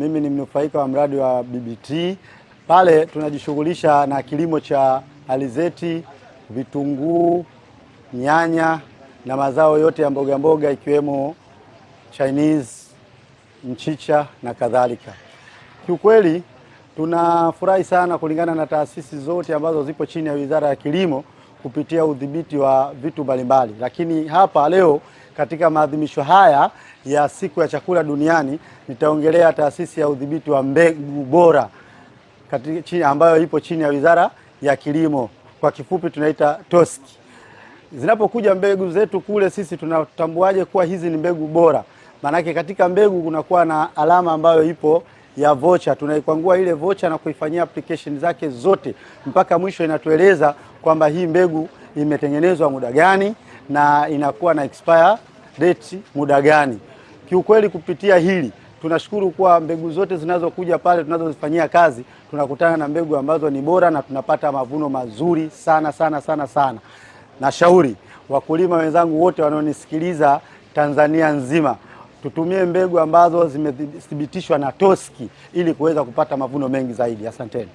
Mimi ni mnufaika wa mradi wa BBT. Pale tunajishughulisha na kilimo cha alizeti, vitunguu, nyanya na mazao yote ya mboga mboga ikiwemo Chinese, mchicha na kadhalika. Kiukweli tunafurahi sana kulingana na taasisi zote ambazo zipo chini ya Wizara ya Kilimo kupitia udhibiti wa vitu mbalimbali, lakini hapa leo katika maadhimisho haya ya siku ya chakula duniani, nitaongelea taasisi ya udhibiti wa mbegu bora katika, ambayo ipo chini ya Wizara ya Kilimo, kwa kifupi tunaita TOSCI. Zinapokuja mbegu zetu kule, sisi tunatambuaje kuwa hizi ni mbegu bora? Maanake katika mbegu kunakuwa na alama ambayo ipo ya vocha. Tunaikwangua ile vocha na kuifanyia application zake zote mpaka mwisho, inatueleza kwamba hii mbegu imetengenezwa muda gani na inakuwa na expire date muda gani. Kiukweli, kupitia hili tunashukuru kuwa mbegu zote zinazokuja pale tunazozifanyia kazi tunakutana na mbegu ambazo ni bora na tunapata mavuno mazuri sana sana sana sana. Nashauri wakulima wenzangu wote wanaonisikiliza Tanzania nzima tutumie mbegu ambazo zimethibitishwa na TOSCI ili kuweza kupata mavuno mengi zaidi. Asanteni.